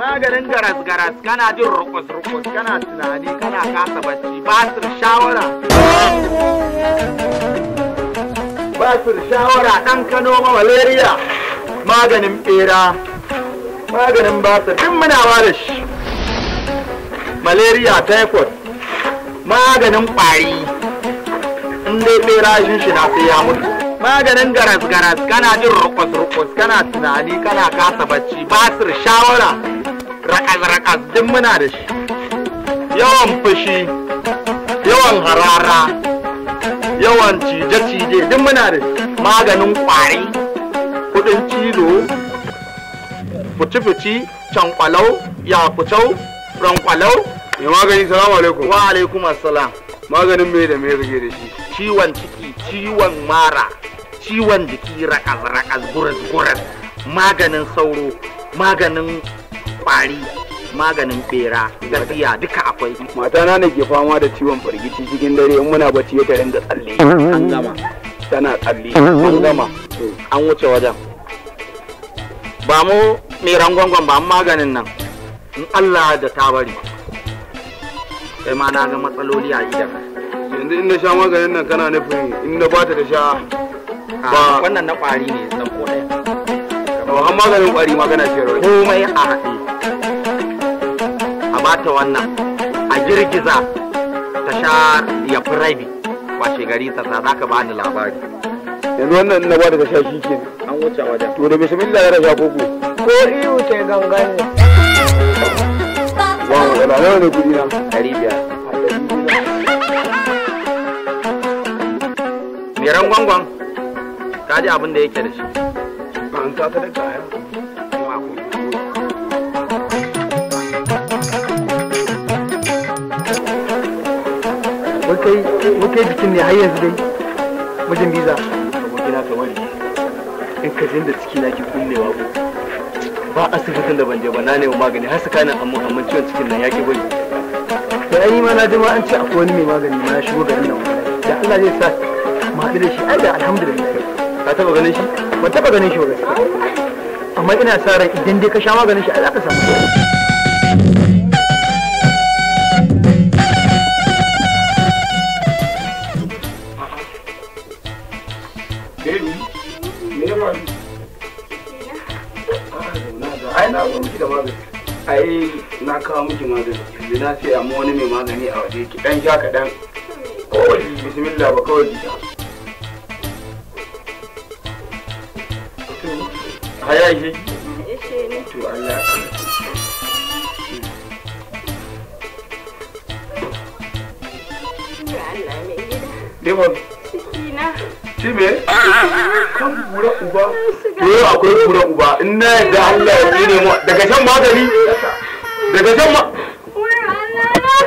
Maganin garas-garas kana jin rukus-rukus kana tunani kana kasa bacci basir shawara. Basir shawara ɗan kano ma malaria maganin ɓera maganin basir duk muna da shi. Malaria typhoid maganin ƙwari in dai ɓera shi na sai ya mutu. maganin garas garas kana jin rukus rukus kana tunani kana kasa bacci basir shawara rakas rakas duk muna da shi yawan fushi yawan harara yawan cije cije duk muna da shi maganin kwari kudin fuci-fuci can kwalau ya ran kwalau ya magani salamu alaikum wa alaikum assalam maganin me da me rage da shi ciwon ciki ciwon mara ciwon jiki rakas-rakas guras-guras maganin sauro maganin kwari maganin bera Gaskiya duka akwai matana ne ke fama da ciwon firgici cikin dare in muna bacci ya tarin da tsalle an gama tana tsalle an gama an wuce wajen ba mu mai rangwangon ba maganin nan in Allah da ta bari kai ma na ga matsaloli a gidan yanzu in na sha maganin nan kana nufin in na ta da sha wannan na kwari ne na ɗaya to an maganin kwari magana ce rawai komai a haɗe a bata wannan a girgiza ta sha ya fi rabi washe gari ta sa za ka ba ni labari yanzu wannan na ba da ta sha shi ke an wuce wajen to da bismillah ya rasha koko ko iyo ce gangan ne Wow, da nawa ne kudi na? Ɗari biyar. Meran gwangwan. ka ji abin da yake da shi an ta da kaya mukai bikin ne har yanzu dai wajen biza in ka da ciki na ki kullewa ko ba asibitin da ban je ba na nemi magani har tsakanin amma amma ciwon cikin nan ya ki bari da an yi ma na jama'an ma an ce akwai wani mai magani ma ya shigo garin nan da Allah zai sa ma da shi ai da alhamdulillah ka taba ganin shi ba taba ganin shi ba gaskiya amma ina sa ran idan dai ka sha maganin shi ai za ka samu ai na zo miki da magani ai na kawo miki magani yanzu na ce amma wani mai magani a waje ki dan sha kaɗan kawai bismillah ba kawai ki haya ihe to Allah Demon. Cikina. Cibe? Kan kura uba. Yo akwai kura uba. Ina da Allah ya ne mu daga shan magani. Daga shan ma.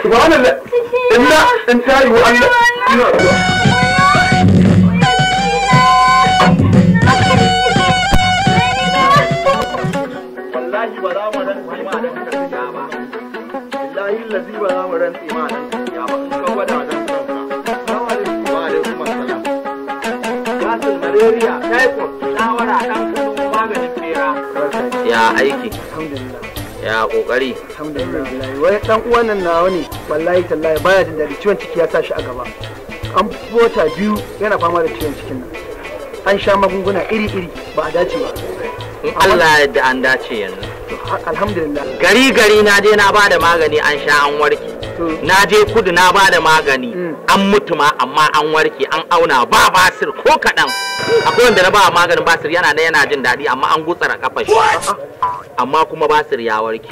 Subhanallah. Inna in tayi Allah. Ina wallahi ba za mu ma dan gaskiya ba wallahi lazi ba za mu ma ba malaria typhoid shawara kudin maganin fera ya aiki ya kokari wai dan uwan nan nawa ne wallahi tallahi baya jin dadi ciwon ciki ya tashi a gaba an biyu yana fama da ciwon cikin nan an sha magunguna iri-iri ba a dace ba in Allah yadda an dace yanzu alhamdulillah gari gari na je na bada magani an sha an warke hmm. na je kudu na bada magani hmm. an mutu ma amma an warke an auna ba basir ko kaɗan akwai wanda na ba maganin basir yana da yana jin daɗi amma an gutsara kafar shi amma kuma basir ya warke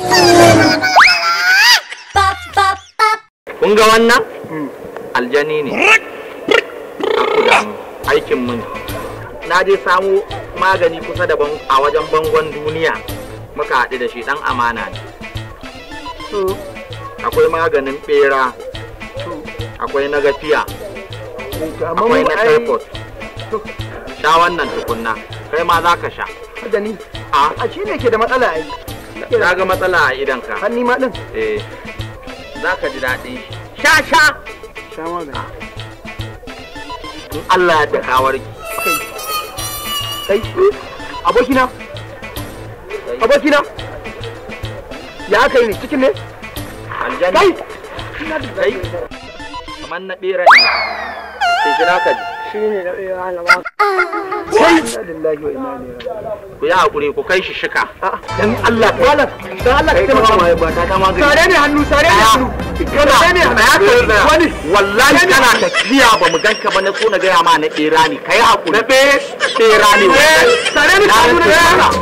kun ga wannan hmm. aljani ne aikin mun na je samo magani kusa da a wajen bangon duniya muka haɗu da shi ɗan amana ne akwai maganin ɓera akwai na gafiya akwai na typhoid sha wannan tukunna kai ma za ka sha gani a shi ne ke da matsala a yi na ga matsala a idan ka hannu ma ɗin eh za ka ji daɗin sha sha sha magani in Allah ya da Okay. kai abokina abokina ya kai ne cikin ne Kai, kai kamar na bera ne sai kina ka shi ne da ɗaya ku yi haƙuri ku kai shi shika ah, ah. dan Allah malam dan Allah ka taimaka mai ba ta kama gari sare ne hannu sare ne hannu kana ne hannu wani wallahi kana tafiya ba mu ganka ba na so na gaya ma na ɗera ne kai haƙuri na ɗera ne sare ne hannu na